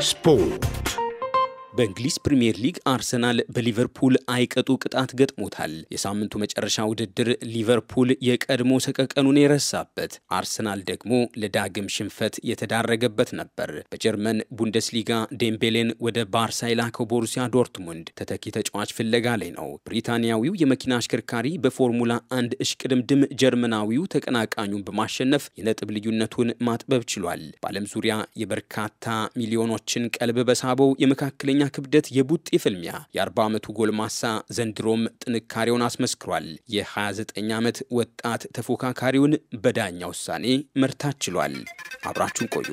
Sport. በእንግሊዝ ፕሪምየር ሊግ አርሰናል በሊቨርፑል አይቀጡ ቅጣት ገጥሞታል። የሳምንቱ መጨረሻ ውድድር ሊቨርፑል የቀድሞ ሰቀቀኑን የረሳበት፣ አርሰናል ደግሞ ለዳግም ሽንፈት የተዳረገበት ነበር። በጀርመን ቡንደስሊጋ ዴምቤሌን ወደ ባርሳ የላከው ቦሩሲያ ዶርትሙንድ ተተኪ ተጫዋች ፍለጋ ላይ ነው። ብሪታንያዊው የመኪና አሽከርካሪ በፎርሙላ አንድ እሽቅድምድም ጀርመናዊው ተቀናቃኙን በማሸነፍ የነጥብ ልዩነቱን ማጥበብ ችሏል። በዓለም ዙሪያ የበርካታ ሚሊዮኖችን ቀልብ በሳበው የመካከለኛ ክብደት የቡጢ ፍልሚያ የ40 ዓመቱ ጎልማሳ ዘንድሮም ጥንካሬውን አስመስክሯል። የ29 ዓመት ወጣት ተፎካካሪውን በዳኛ ውሳኔ መርታት ችሏል። አብራችሁን ቆዩ።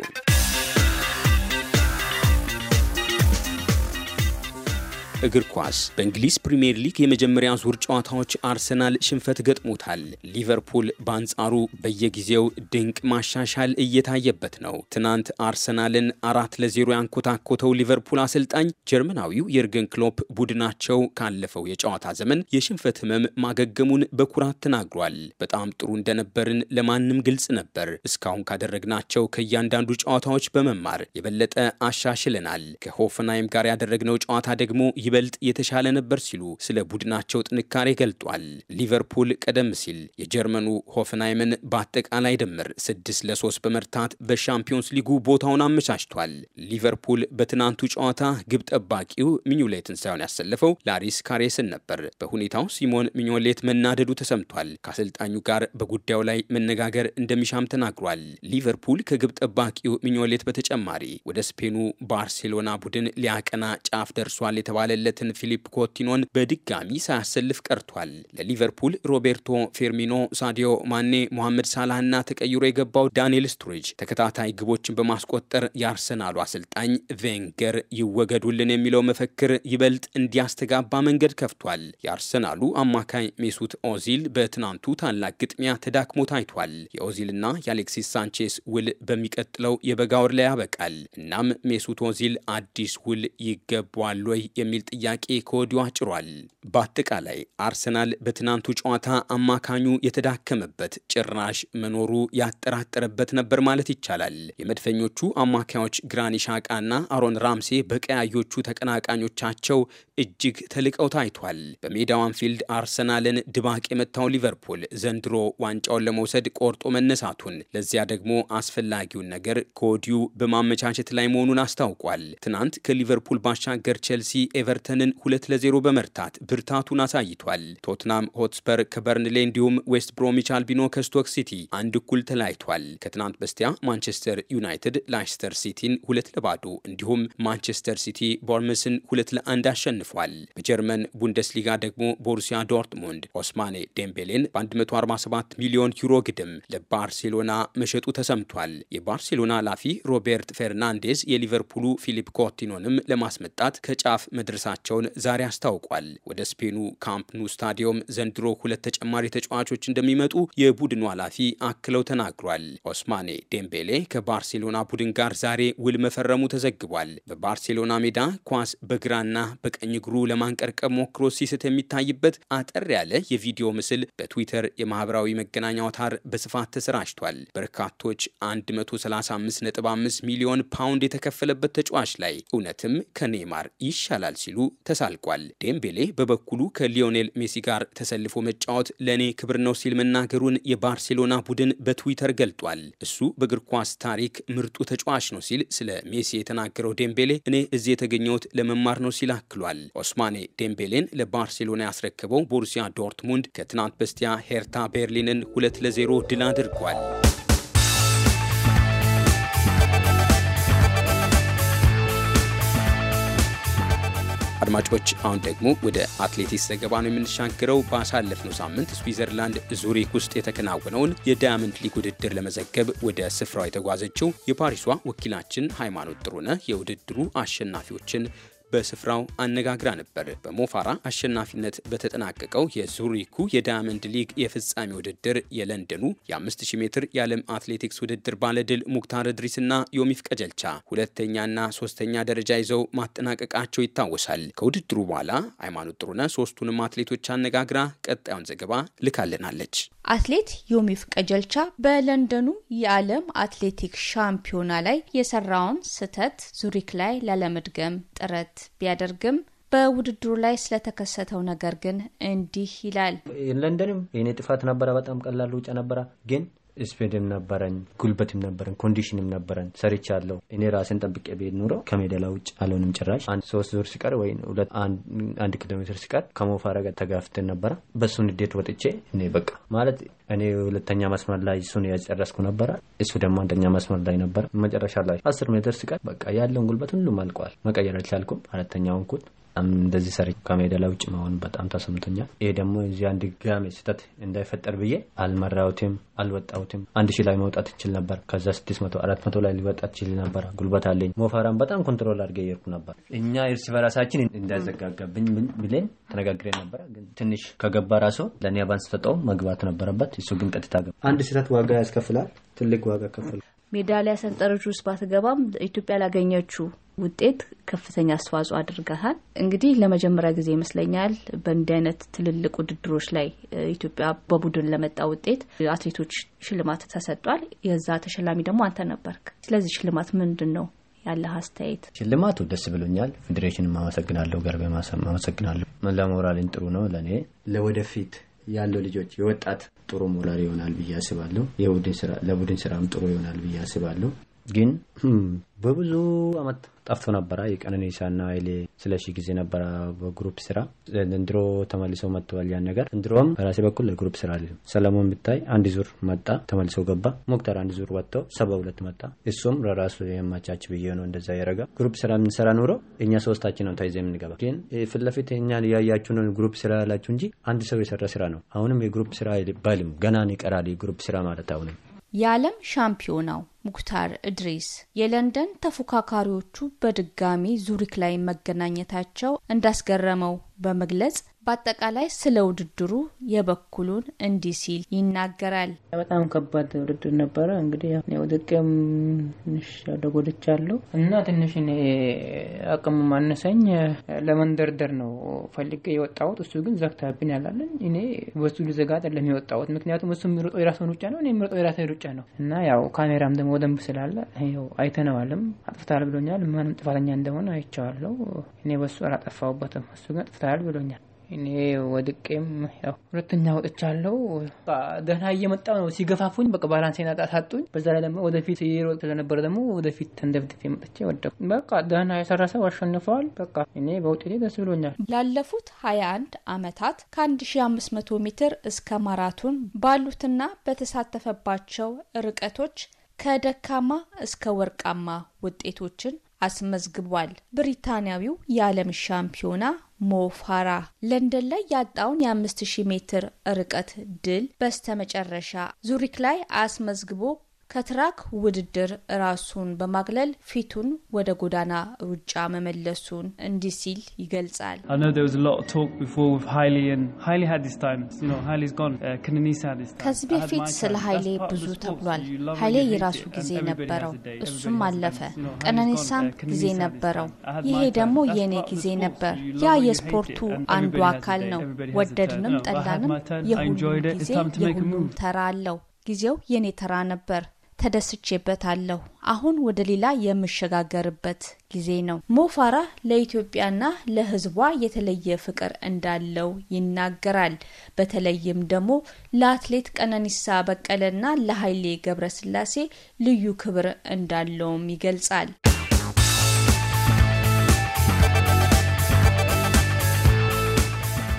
እግር ኳስ በእንግሊዝ ፕሪምየር ሊግ የመጀመሪያ ዙር ጨዋታዎች አርሰናል ሽንፈት ገጥሞታል። ሊቨርፑል በአንጻሩ በየጊዜው ድንቅ ማሻሻል እየታየበት ነው። ትናንት አርሰናልን አራት ለዜሮ ያንኮታኮተው ሊቨርፑል አሰልጣኝ ጀርመናዊው የርገን ክሎፕ ቡድናቸው ካለፈው የጨዋታ ዘመን የሽንፈት ህመም ማገገሙን በኩራት ተናግሯል። በጣም ጥሩ እንደነበርን ለማንም ግልጽ ነበር። እስካሁን ካደረግናቸው ከእያንዳንዱ ጨዋታዎች በመማር የበለጠ አሻሽለናል። ከሆፈንሃይም ጋር ያደረግነው ጨዋታ ደግሞ ይበልጥ የተሻለ ነበር ሲሉ ስለ ቡድናቸው ጥንካሬ ገልጧል። ሊቨርፑል ቀደም ሲል የጀርመኑ ሆፍንሃይምን በአጠቃላይ ድምር ስድስት ለሶስት በመርታት በሻምፒዮንስ ሊጉ ቦታውን አመቻችቷል። ሊቨርፑል በትናንቱ ጨዋታ ግብ ጠባቂው ሚኞሌትን ሳይሆን ያሰለፈው ላሪስ ካሬስን ነበር። በሁኔታው ሲሞን ሚኞሌት መናደዱ ተሰምቷል። ከአሰልጣኙ ጋር በጉዳዩ ላይ መነጋገር እንደሚሻም ተናግሯል። ሊቨርፑል ከግብ ጠባቂው ሚኞሌት በተጨማሪ ወደ ስፔኑ ባርሴሎና ቡድን ሊያቀና ጫፍ ደርሷል የተባለ የተባለለትን ፊሊፕ ኮቲኖን በድጋሚ ሳያሰልፍ ቀርቷል። ለሊቨርፑል ሮቤርቶ ፌርሚኖ፣ ሳዲዮ ማኔ፣ ሞሐመድ እና ተቀይሮ የገባው ዳንኤል ስቱሪጅ ተከታታይ ግቦችን በማስቆጠር የአርሰናሉ አሰልጣኝ ቬንገር ይወገዱልን የሚለው መፈክር ይበልጥ እንዲያስተጋባ መንገድ ከፍቷል። የአርሰናሉ አማካይ ሜሱት ኦዚል በትናንቱ ታላቅ ግጥሚያ ተዳክሞ ታይቷል። የኦዚልና የአሌክሲስ ሳንቼስ ውል በሚቀጥለው የበጋ ወር ላይ ያበቃል። እናም ሜሱት ኦዚል አዲስ ውል ይገባዋል ወይ የሚል ጥያቄ ከወዲሁ አጭሯል። በአጠቃላይ አርሰናል በትናንቱ ጨዋታ አማካኙ የተዳከመበት ጭራሽ መኖሩ ያጠራጠረበት ነበር ማለት ይቻላል። የመድፈኞቹ አማካዮች ግራኒ እና አሮን ራምሴ በቀያዮቹ ተቀናቃኞቻቸው እጅግ ተልቀው ታይቷል። በሜዳው አንፊልድ አርሰናልን ድባቅ የመታው ሊቨርፑል ዘንድሮ ዋንጫውን ለመውሰድ ቆርጦ መነሳቱን ለዚያ ደግሞ አስፈላጊውን ነገር ከወዲሁ በማመቻቸት ላይ መሆኑን አስታውቋል። ትናንት ከሊቨርፑል ባሻገር ቼልሲ ኤቨር ኤቨርተንን ሁለት ለዜሮ በመርታት ብርታቱን አሳይቷል። ቶትናም ሆትስፐር ከበርንሌ እንዲሁም ዌስት ብሮሚች አልቢኖ ከስቶክ ሲቲ አንድ እኩል ተለያይቷል። ከትናንት በስቲያ ማንቸስተር ዩናይትድ ላይስተር ሲቲን ሁለት ለባዶ እንዲሁም ማንቸስተር ሲቲ ቦርምስን ሁለት ለአንድ አሸንፏል። በጀርመን ቡንደስሊጋ ደግሞ ቦሩሲያ ዶርትሙንድ ኦስማኔ ዴምቤሌን በ147 ሚሊዮን ዩሮ ግድም ለባርሴሎና መሸጡ ተሰምቷል። የባርሴሎና ላፊ ሮቤርት ፌርናንዴዝ የሊቨርፑሉ ፊሊፕ ኮቲኖንም ለማስመጣት ከጫፍ መድረስ መመለሳቸውን ዛሬ አስታውቋል። ወደ ስፔኑ ካምፕ ኑ ስታዲየም ዘንድሮ ሁለት ተጨማሪ ተጫዋቾች እንደሚመጡ የቡድኑ ኃላፊ አክለው ተናግሯል። ኦስማኔ ዴምቤሌ ከባርሴሎና ቡድን ጋር ዛሬ ውል መፈረሙ ተዘግቧል። በባርሴሎና ሜዳ ኳስ በግራና በቀኝ እግሩ ለማንቀርቀብ ሞክሮ ሲስት የሚታይበት አጠር ያለ የቪዲዮ ምስል በትዊተር የማህበራዊ መገናኛ አውታር በስፋት ተሰራጭቷል። በርካቶች 135.5 ሚሊዮን ፓውንድ የተከፈለበት ተጫዋች ላይ እውነትም ከኔይማር ይሻላል ሲሉ ሲሉ ተሳልቋል። ዴምቤሌ በበኩሉ ከሊዮኔል ሜሲ ጋር ተሰልፎ መጫወት ለእኔ ክብር ነው ሲል መናገሩን የባርሴሎና ቡድን በትዊተር ገልጧል። እሱ በእግር ኳስ ታሪክ ምርጡ ተጫዋች ነው ሲል ስለ ሜሲ የተናገረው ዴምቤሌ እኔ እዚህ የተገኘሁት ለመማር ነው ሲል አክሏል። ኦስማኔ ዴምቤሌን ለባርሴሎና ያስረከበው ቦሩሲያ ዶርትሙንድ ከትናንት በስቲያ ሄርታ ቤርሊንን ሁለት ለዜሮ ድል አድርጓል። አድማጮች አሁን ደግሞ ወደ አትሌቲክስ ዘገባ ነው የምንሻገረው። ባሳለፍነው ሳምንት ስዊዘርላንድ ዙሪክ ውስጥ የተከናወነውን የዳያመንድ ሊግ ውድድር ለመዘገብ ወደ ስፍራው የተጓዘችው የፓሪሷ ወኪላችን ሃይማኖት ጥሩነህ የውድድሩ አሸናፊዎችን በስፍራው አነጋግራ ነበር። በሞፋራ አሸናፊነት በተጠናቀቀው የዙሪኩ የዳያመንድ ሊግ የፍጻሜ ውድድር የለንደኑ የ5000 ሜትር የዓለም አትሌቲክስ ውድድር ባለድል ሙክታር እድሪስና ዮሚፍ ቀጀልቻ ሁለተኛና ሶስተኛ ደረጃ ይዘው ማጠናቀቃቸው ይታወሳል። ከውድድሩ በኋላ ሃይማኖት ጥሩነ ሶስቱንም አትሌቶች አነጋግራ ቀጣዩን ዘገባ ልካልናለች። አትሌት ዮሚፍ ቀጀልቻ በለንደኑ የዓለም አትሌቲክ ሻምፒዮና ላይ የሰራውን ስህተት ዙሪክ ላይ ላለመድገም ጥረት ቢያደርግም በውድድሩ ላይ ስለተከሰተው ነገር ግን እንዲህ ይላል። ለንደንም የኔ ጥፋት ነበረ። በጣም ቀላል ሩጫ ነበረ ግን ስፔድም ነበረኝ፣ ጉልበትም ነበረኝ፣ ኮንዲሽንም ነበረኝ። ሰርች ያለው እኔ ራሴን ጠብቄ ቤት ኑረው ከሜዳላ ውጭ አልሆንም። ጭራሽ አንድ ሶስት ዙር ሲቀር ወይ አንድ ኪሎ ሜትር ሲቀር ከሞፋራ ጋር ተጋፍተን ነበረ። በእሱን ንዴት ወጥቼ እኔ በቃ ማለት እኔ ሁለተኛ መስመር ላይ እሱን ያጨረስኩ ነበረ። እሱ ደግሞ አንደኛ መስመር ላይ ነበረ። መጨረሻ ላይ አስር ሜትር ሲቀር በቃ ያለውን ጉልበት ሁሉም አልቋል። መቀየር አልቻልኩም። አራተኛውን ኩል እንደዚህ ሰሪ ከሜዳ ላይ ውጭ መሆን በጣም ተሰምቶኛል። ይሄ ደግሞ እዚያን ድጋሜ ስህተት እንዳይፈጠር ብዬ አልመራሁትም፣ አልወጣሁትም። አንድ ሺህ ላይ መውጣት ይችል ነበር። ከዛ ስድስት መቶ አራት መቶ ላይ ሊወጣ ይችል ነበር። ጉልበት አለኝ። ሞፈራን በጣም ኮንትሮል አድርጌ የርኩ ነበር። እኛ እርስ በራሳችን እንዳይዘጋጋብኝ ብለን ተነጋግሬ ነበረ። ግን ትንሽ ከገባ ራሱ ለእኔ አባንስ ተጠው መግባት ነበረበት። እሱ ግን ቀጥታ ገባ። አንድ ስህተት ዋጋ ያስከፍላል። ትልቅ ዋጋ ከፍላል። ሜዳሊያ ሰንጠረዥ ውስጥ ባትገባም ኢትዮጵያ ላገኘችው ውጤት ከፍተኛ አስተዋጽኦ አድርገሃል። እንግዲህ ለመጀመሪያ ጊዜ ይመስለኛል በእንዲህ አይነት ትልልቅ ውድድሮች ላይ ኢትዮጵያ በቡድን ለመጣ ውጤት አትሌቶች ሽልማት ተሰጧል። የዛ ተሸላሚ ደግሞ አንተ ነበርክ። ስለዚህ ሽልማት ምንድን ነው ያለህ አስተያየት? ሽልማቱ ደስ ብሎኛል። ፌዴሬሽን አመሰግናለሁ፣ ገርቤ አመሰግናለሁ። ለሞራልን ጥሩ ነው ለእኔ ለወደፊት ያለው ልጆች የወጣት ጥሩ ሞራል ይሆናል ብዬ አስባለሁ። ስራ ለቡድን ስራም ጥሩ ይሆናል ብዬ አስባለሁ። ግን በብዙ አመት ጠፍቶ ነበረ። የቀነኒሳና ኃይሌ ስለሺ ጊዜ ነበረ በግሩፕ ስራ። ዘንድሮ ተመልሰው መጥተዋል። ያን ነገር ዘንድሮም በራሴ በኩል ለግሩፕ ስራ አለ። ሰለሞን ብታይ አንድ ዙር መጣ ተመልሰው ገባ። ሞክተር አንድ ዙር ወጥተው ሰባ ሁለት መጣ። እሱም ለራሱ የማቻች ብዬ ነው እንደዛ ያረጋ። ግሩፕ ስራ የምንሰራ ኑሮ እኛ ሶስታችን ነው ታይዘ የምንገባ። ግን ፊት ለፊት እኛ ያያችሁ ነው ግሩፕ ስራ ያላችሁ እንጂ አንድ ሰው የሰራ ስራ ነው። አሁንም የግሩፕ ስራ ባልም ገና ይቀራል። የግሩፕ ስራ ማለት አሁንም የዓለም ሻምፒዮናው ሙክታር እድሪስ የለንደን ተፎካካሪዎቹ በድጋሚ ዙሪክ ላይ መገናኘታቸው እንዳስገረመው በመግለጽ በአጠቃላይ ስለ ውድድሩ የበኩሉን እንዲህ ሲል ይናገራል። በጣም ከባድ ውድድር ነበረ። እንግዲህ ውድቅም ትንሽ ተጎድቻለሁ እና ትንሽ አቅም ማነሰኝ ለመንደርደር ነው ፈልጌ የወጣሁት። እሱ ግን ዘግታብኝ ያላለን እኔ በሱ ልዘጋት ለም የወጣሁት ምክንያቱም እሱ የሚሮጠው የራሱን ሩጫ ነው፣ እኔ የሚሮጠው የራሴን ሩጫ ነው እና ያው ካሜራም ደግሞ በደንብ ስላለ ው አይተነዋልም። አጥፍታል ብሎኛል። ምንም ጥፋተኛ እንደሆነ አይቼዋለሁ። እኔ በሱ አላጠፋሁበትም፣ እሱ ግን አጥፍታል ብሎኛል። እኔ ወድቄም ያው ሁለተኛ ወጥቻለሁ። ደህና እየመጣው ነው ሲገፋፉኝ፣ በቃ ባላንሴን አሳጡኝ። በዛ ላይ ደግሞ ወደፊት ሲሮጥ ስለነበረ ደግሞ ወደፊት ተንደፍድፌ መጥቼ ወደኩ። በቃ ደህና የሰራ ሰው አሸንፈዋል። በቃ እኔ በውጤቴ ደስ ብሎኛል። ላለፉት 21 ዓመታት ከ1500 ሜትር እስከ ማራቶን ባሉትና በተሳተፈባቸው ርቀቶች ከደካማ እስከ ወርቃማ ውጤቶችን አስመዝግቧል። ብሪታንያዊው የዓለም ሻምፒዮና ሞፋራ ለንደን ላይ ያጣውን የ5000 ሜትር ርቀት ድል በስተመጨረሻ ዙሪክ ላይ አስመዝግቦ ከትራክ ውድድር ራሱን በማግለል ፊቱን ወደ ጎዳና ሩጫ መመለሱን እንዲህ ሲል ይገልጻል። uh, ከዚህ በፊት ስለ ኃይሌ ብዙ ተብሏል። ኃይሌ የራሱ ጊዜ ነበረው፣ እሱም አለፈ። ቀነኒሳም uh, ጊዜ ነበረው፣ ይሄ ደግሞ የእኔ ጊዜ ነበር። ያ የስፖርቱ አንዱ አካል ነው። ወደድንም ጠላንም የሁሉም ጊዜ የሁሉም ተራ አለው። ጊዜው የእኔ ተራ ነበር። ተደስቼበታለሁ። አሁን ወደ ሌላ የምሸጋገርበት ጊዜ ነው። ሞፋራ ለኢትዮጵያና ለሕዝቧ የተለየ ፍቅር እንዳለው ይናገራል። በተለይም ደግሞ ለአትሌት ቀነኒሳ በቀለና ለኃይሌ ገብረስላሴ ልዩ ክብር እንዳለውም ይገልጻል።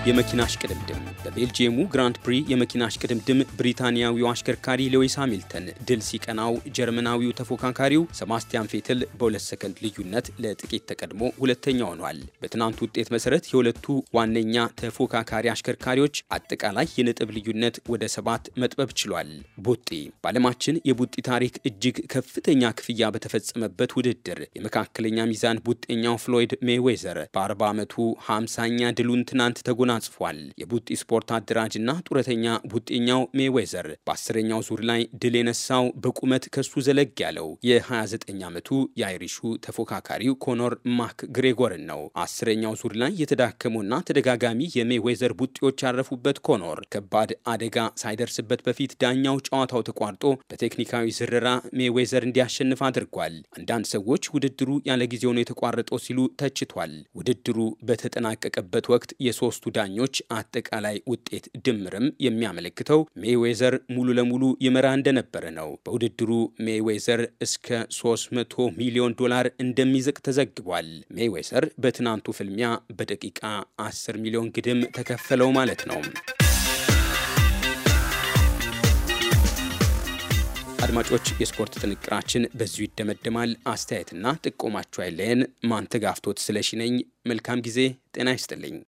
የመኪና አሽቅድምድም በቤልጅየሙ ግራንድ ፕሪ የመኪና አሽቅድምድም ብሪታንያዊው አሽከርካሪ ሌዊስ ሃሚልተን ድል ሲቀናው ጀርመናዊው ተፎካካሪው ሰባስቲያን ፌትል በሁለት ሰከንድ ልዩነት ለጥቂት ተቀድሞ ሁለተኛ ሆኗል። በትናንቱ ውጤት መሰረት የሁለቱ ዋነኛ ተፎካካሪ አሽከርካሪዎች አጠቃላይ የነጥብ ልዩነት ወደ ሰባት መጥበብ ችሏል። ቡጢ በዓለማችን የቡጢ ታሪክ እጅግ ከፍተኛ ክፍያ በተፈጸመበት ውድድር የመካከለኛ ሚዛን ቡጤኛው ፍሎይድ ሜይዌዘር በ40 ዓመቱ 50ኛ ድሉን ትናንት ተጎና ተጎናጽፏል። የቡጢ ስፖርት አደራጅና ጡረተኛ ቡጢኛው ሜዌዘር በአስረኛው ዙር ላይ ድል የነሳው በቁመት ከሱ ዘለግ ያለው የ29 ዓመቱ የአይሪሹ ተፎካካሪው ኮኖር ማክ ግሬጎርን ነው። አስረኛው ዙር ላይ የተዳከሙና ተደጋጋሚ የሜዌዘር ቡጢዎች ያረፉበት ኮኖር ከባድ አደጋ ሳይደርስበት በፊት ዳኛው ጨዋታው ተቋርጦ በቴክኒካዊ ዝረራ ሜዌዘር እንዲያሸንፍ አድርጓል። አንዳንድ ሰዎች ውድድሩ ያለ ጊዜው ነው የተቋረጠው ሲሉ ተችቷል። ውድድሩ በተጠናቀቀበት ወቅት የሶስቱ ዳ ዳኞች አጠቃላይ ውጤት ድምርም የሚያመለክተው ሜይዌዘር ሙሉ ለሙሉ ይመራ እንደነበረ ነው። በውድድሩ ሜይዌዘር እስከ 300 ሚሊዮን ዶላር እንደሚዝቅ ተዘግቧል። ሜይዌዘር በትናንቱ ፍልሚያ በደቂቃ 10 ሚሊዮን ግድም ተከፈለው ማለት ነው። አድማጮች፣ የስፖርት ጥንቅራችን በዚሁ ይደመደማል። አስተያየትና ጥቆማችሁ አይለየን። ማንተጋፍቶት ስለሺ ነኝ። መልካም ጊዜ። ጤና ይስጥልኝ።